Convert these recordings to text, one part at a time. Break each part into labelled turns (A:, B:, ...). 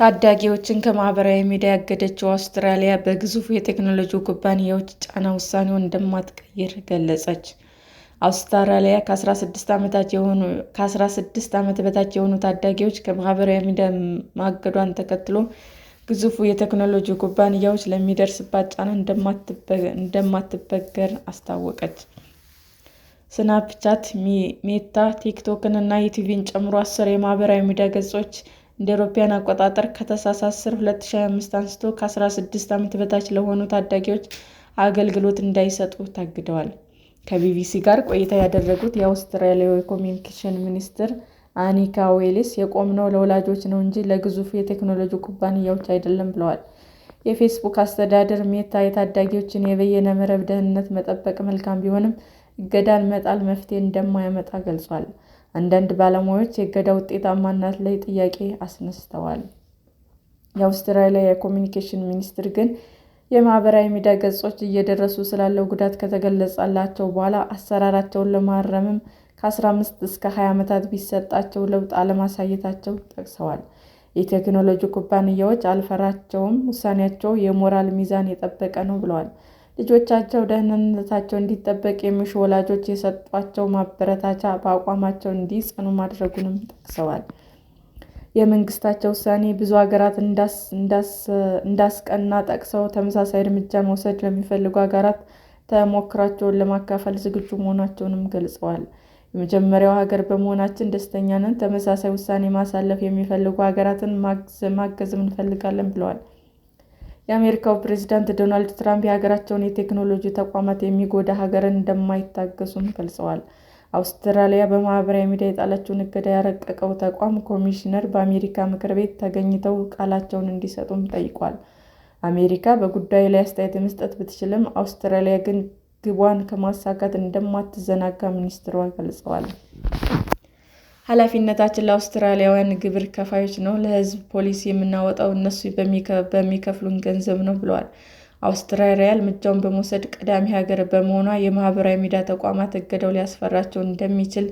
A: ታዳጊዎችን ከማህበራዊ ሚዲያ ያገደችው አውስትራሊያ በግዙፍ የቴክኖሎጂ ኩባንያዎች ጫና ውሳኔውን እንደማትቀይር ገለጸች። አውስትራሊያ ከ16 ዓመት በታች የሆኑ ታዳጊዎች ከማህበራዊ ሚዲያ ማገዷን ተከትሎ ግዙፉ የቴክኖሎጂ ኩባንያዎች ለሚደርስባት ጫና እንደማትበገር አስታወቀች። ስናፕቻት፣ ሜታ፣ ቲክቶክን እና ዩቲዩብን ጨምሮ አስር የማህበራዊ ሚዲያ ገጾች እንደ አውሮፓውያን አቆጣጠር ከታህሳስ 10 2025 አንስቶ ከ16 ዓመት በታች ለሆኑ ታዳጊዎች አገልግሎት እንዳይሰጡ ታግደዋል። ከቢቢሲ ጋር ቆይታ ያደረጉት የአውስትራሊያ የኮሚዩኒኬሽን ሚኒስትር አኒካ ዌሊስ የቆምነው ለወላጆች ነው እንጂ ለግዙፍ የቴክኖሎጂ ኩባንያዎች አይደለም ብለዋል። የፌስቡክ አስተዳደር ሜታ የታዳጊዎችን የበየነ መረብ ደህንነት መጠበቅ መልካም ቢሆንም እገዳን መጣል መፍትሄ እንደማያመጣ ገልጿል። አንዳንድ ባለሙያዎች የእገዳ ውጤታማነት ላይ ጥያቄ አስነስተዋል። የአውስትራሊያ የኮሚኒኬሽን ሚኒስትር ግን የማህበራዊ ሚዲያ ገጾች እየደረሱ ስላለው ጉዳት ከተገለጸላቸው በኋላ አሰራራቸውን ለማረምም ከ15 እስከ 20 ዓመታት ቢሰጣቸው ለውጥ አለማሳየታቸው ጠቅሰዋል። የቴክኖሎጂ ኩባንያዎች አልፈራቸውም፣ ውሳኔያቸው የሞራል ሚዛን የጠበቀ ነው ብለዋል። ልጆቻቸው ደህንነታቸው እንዲጠበቅ የሚሹ ወላጆች የሰጧቸው ማበረታቻ በአቋማቸው እንዲጸኑ ማድረጉንም ጠቅሰዋል። የመንግስታቸው ውሳኔ ብዙ ሀገራት እንዳስቀና ጠቅሰው ተመሳሳይ እርምጃ መውሰድ ለሚፈልጉ ሀገራት ተሞክሯቸውን ለማካፈል ዝግጁ መሆናቸውንም ገልጸዋል። የመጀመሪያው ሀገር በመሆናችን ደስተኛ ነን። ተመሳሳይ ውሳኔ ማሳለፍ የሚፈልጉ ሀገራትን ማገዝም እንፈልጋለን ብለዋል። የአሜሪካው ፕሬዚዳንት ዶናልድ ትራምፕ የሀገራቸውን የቴክኖሎጂ ተቋማት የሚጎዳ ሀገርን እንደማይታገሱም ገልጸዋል። አውስትራሊያ በማህበራዊ ሚዲያ የጣለችውን እገዳ ያረቀቀው ተቋም ኮሚሽነር በአሜሪካ ምክር ቤት ተገኝተው ቃላቸውን እንዲሰጡም ጠይቋል። አሜሪካ በጉዳዩ ላይ አስተያየት መስጠት ብትችልም፣ አውስትራሊያ ግን ግቧን ከማሳካት እንደማትዘናጋ ሚኒስትሯ ገልጸዋል። ኃላፊነታችን ለአውስትራሊያውያን ግብር ከፋዮች ነው። ለህዝብ ፖሊሲ የምናወጣው እነሱ በሚከፍሉን ገንዘብ ነው ብለዋል። አውስትራሊያ እርምጃውን በመውሰድ ቀዳሚ ሀገር በመሆኗ የማህበራዊ ሚዲያ ተቋማት እገዳው ሊያስፈራቸው እንደሚችል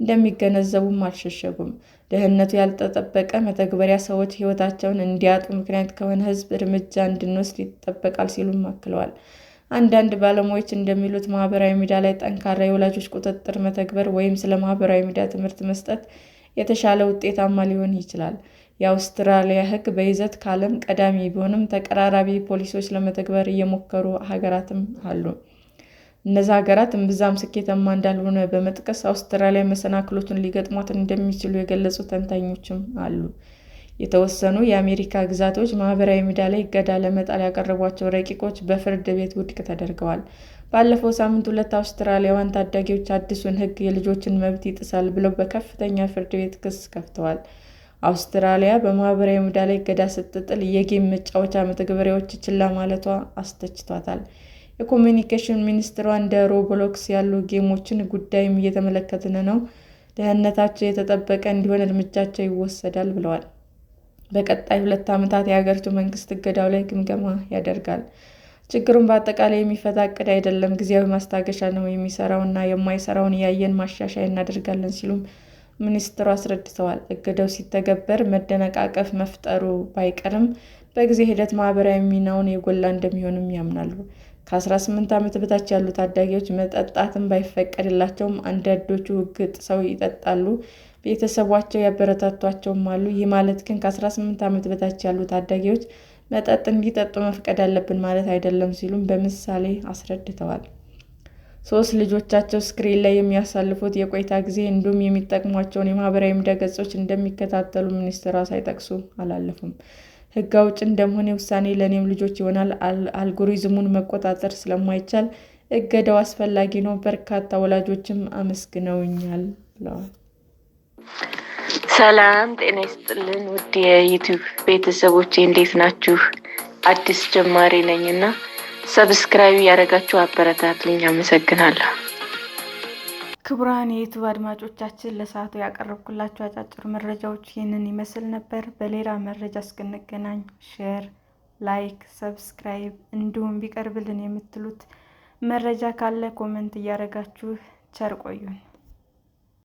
A: እንደሚገነዘቡም አልሸሸጉም። ደህንነቱ ያልተጠበቀ መተግበሪያ ሰዎች ህይወታቸውን እንዲያጡ ምክንያት ከሆነ ህዝብ እርምጃ እንድንወስድ ይጠበቃል ሲሉም አክለዋል። አንዳንድ ባለሙያዎች እንደሚሉት ማህበራዊ ሚዲያ ላይ ጠንካራ የወላጆች ቁጥጥር መተግበር ወይም ስለ ማህበራዊ ሚዲያ ትምህርት መስጠት የተሻለ ውጤታማ ሊሆን ይችላል። የአውስትራሊያ ሕግ በይዘት ከዓለም ቀዳሚ ቢሆንም ተቀራራቢ ፖሊሲዎች ለመተግበር እየሞከሩ ሀገራትም አሉ። እነዚህ ሀገራት እምብዛም ስኬታማ እንዳልሆነ በመጥቀስ አውስትራሊያ መሰናክሎቱን ሊገጥሟት እንደሚችሉ የገለጹ ተንታኞችም አሉ። የተወሰኑ የአሜሪካ ግዛቶች ማህበራዊ ሚዲያ ላይ እገዳ ለመጣል ያቀረቧቸው ረቂቆች በፍርድ ቤት ውድቅ ተደርገዋል። ባለፈው ሳምንት ሁለት አውስትራሊያውያን ታዳጊዎች አዲሱን ሕግ የልጆችን መብት ይጥሳል ብለው በከፍተኛ ፍርድ ቤት ክስ ከፍተዋል። አውስትራሊያ በማህበራዊ ሚዲያ ላይ እገዳ ስትጥል የጌም መጫወቻ መተግበሪያዎች ችላ ማለቷ አስተችቷታል። የኮሚኒኬሽን ሚኒስትሯ እንደ ሮብሎክስ ያሉ ጌሞችን ጉዳይም እየተመለከትን ነው፣ ደህንነታቸው የተጠበቀ እንዲሆን እርምጃቸው ይወሰዳል ብለዋል። በቀጣይ ሁለት ዓመታት የሀገሪቱ መንግስት እገዳው ላይ ግምገማ ያደርጋል። ችግሩን በአጠቃላይ የሚፈታ እቅድ አይደለም፣ ጊዜያዊ ማስታገሻ ነው። የሚሰራውና የማይሰራውን እያየን ማሻሻያ እናደርጋለን ሲሉም ሚኒስትሩ አስረድተዋል። እገዳው ሲተገበር መደነቃቀፍ መፍጠሩ ባይቀርም በጊዜ ሂደት ማህበራዊ ሚናውን የጎላ እንደሚሆንም ያምናሉ። ከ18 ዓመት በታች ያሉ ታዳጊዎች መጠጣትን ባይፈቀድላቸውም አንዳንዶቹ ህግ ጥሰው ይጠጣሉ። ቤተሰቧቸው ያበረታቷቸውም አሉ። ይህ ማለት ግን ከ18 ዓመት በታች ያሉ ታዳጊዎች መጠጥ እንዲጠጡ መፍቀድ አለብን ማለት አይደለም ሲሉም በምሳሌ አስረድተዋል። ሶስት ልጆቻቸው ስክሪን ላይ የሚያሳልፉት የቆይታ ጊዜ እንዲሁም የሚጠቅሟቸውን የማህበራዊ ሚዲያ ገጾች እንደሚከታተሉ ሚኒስትሯ ሳይጠቅሱ አላለፉም። ሕግ አውጭ እንደመሆኔ ውሳኔ ለእኔም ልጆች ይሆናል። አልጎሪዝሙን መቆጣጠር ስለማይቻል እገዳው አስፈላጊ ነው። በርካታ ወላጆችም አመስግነውኛል ብለዋል።
B: ሰላም ጤና ይስጥልን ውድ የዩቱብ ቤተሰቦቼ እንዴት ናችሁ? አዲስ ጀማሪ ነኝ እና ሰብስክራይብ ያደረጋችሁ አበረታትልኝ። አመሰግናለሁ። ክቡራን የዩቱብ አድማጮቻችን ለሰዓቱ ያቀረብኩላችሁ አጫጭር መረጃዎች ይህንን ይመስል ነበር። በሌላ መረጃ እስክንገናኝ ሼር፣ ላይክ፣ ሰብስክራይብ እንዲሁም ቢቀርብልን የምትሉት መረጃ ካለ ኮመንት እያደረጋችሁ ቸር ቆዩን።